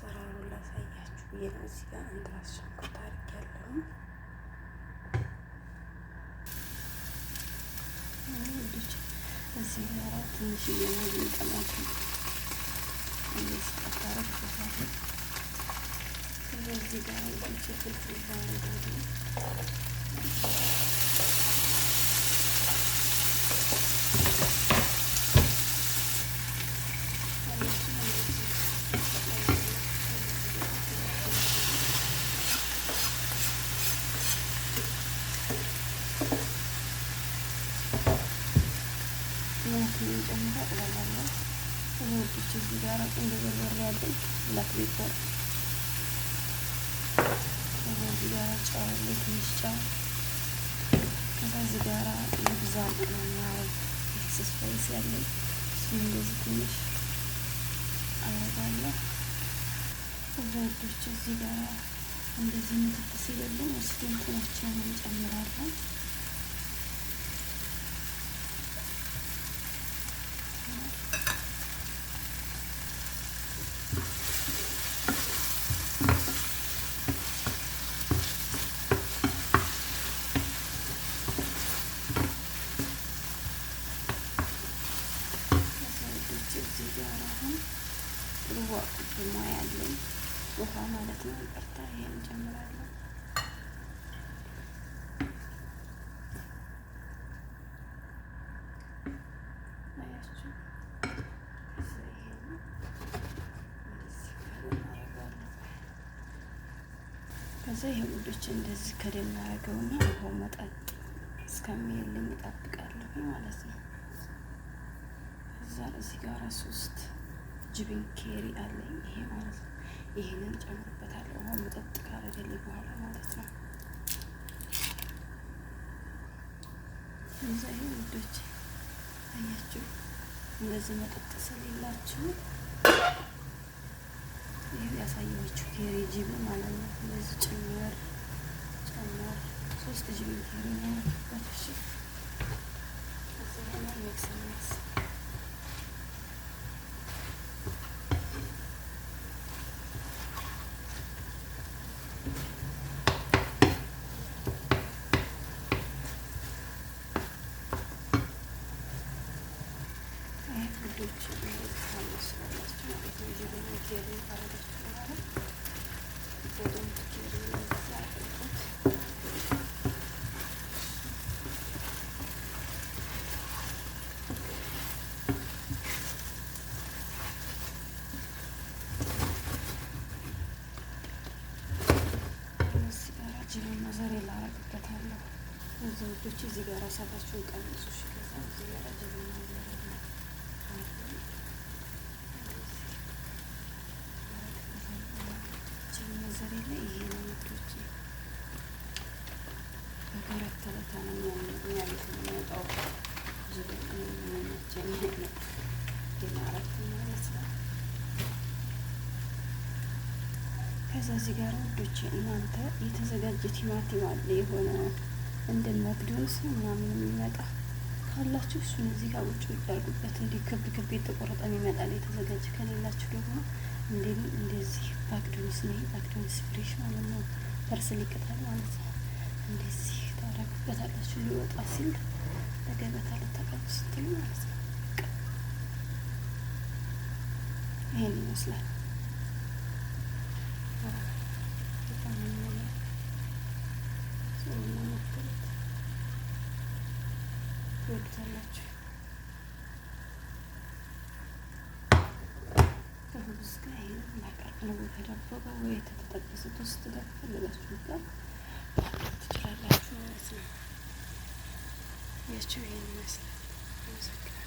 አሰራሩን ላሳያችሁ ብዬ እዚህ ጋር እንትራስ ሽንኩርት ያለው እዚህ ጋር ትንሽ የሙዝ ቅመት ስጠታረግ ብዛለ እዚህ ጋር ፍልፍል የምንጨምረው እላለሁ። ወዶች እዚህ ጋር ቁንዶ በርበሬ ያለኝ ብላክ ፔፐር እዚህ ጋር ጨው አለ፣ ትንሽ ጨው። ከዛ እዚህ ጋር ልብዛ ማረግ ስስፋይስ ያለኝ እሱም እንደዚህ ትንሽ አረጋለሁ። ወዶች እዚህ ጋር እንደዚህ ምትክ ሲልልኝ ውስጥ እንትናቸውን እንጨምራለን ወቅቱ ደግሞ ያለኝ ውሃ ማለት ነው። ይቅርታ ይሄን እንጨምራለን ከዛ ይሄ ውዶች እንደዚህ ከደም እና ውሃው መጠጥ እስከሚልልኝ እጠብቃለሁ ማለት ነው። እዛ እዚህ ጋር ሶስት ጅብን ኬሪ አለኝ። ይሄ ማለት ነው። ይሄንን ጨምርበታለሁ። አሁን መጠጥ ካረገል በኋላ ማለት ነው። እዛ ይሄ ውዶች አያችሁ፣ እንደዚህ መጠጥ ስለሌላችሁ ይህ ያሳየችው ኬሪ ጅብ ማለት ነው። እንደዚህ diğerini kaydettim. Buradan diğerini ዛሬ ላረግበታለሁ። እዚህ ልጆች እዚህ ጋር ራሳቸውን ቀንሱ። እሺ፣ ከዛ እዚህ ጋር ከዛ እዚህ ጋር ውዶች እናንተ የተዘጋጀ ቲማቲም አለ የሆነ እንደ መክዶንስ ምናምን የሚመጣ ካላችሁ እሱን እዚህ ጋር ውጭ ውጭ አድርጉበት። እንዲህ ክብ ክብ የተቆረጠም ይመጣል። የተዘጋጀ ከሌላችሁ ደግሞ እንደ እንደዚህ ባክዶንስ ነ ባክዶንስ ፍሬሽ ማለት ነው። ፐርስሊ ቅጠል ማለት ነው። እንደዚህ ታረጉበት አላችሁ ሊወጣ ሲል ለገበታ ልታቀርቡ ስትሉ ማለት ነው። ይሄን ይመስላል። ታደርጉታላችሁ። ከሁብዝ ጋር ይህን ላቀርብለው ከዳቦ ጋር ወይ ቶስት ጋር ጋር ማቅረብ ትችላላችሁ ማለት ነው። ያቸው ይህን ይመስላል። አመሰግናለሁ።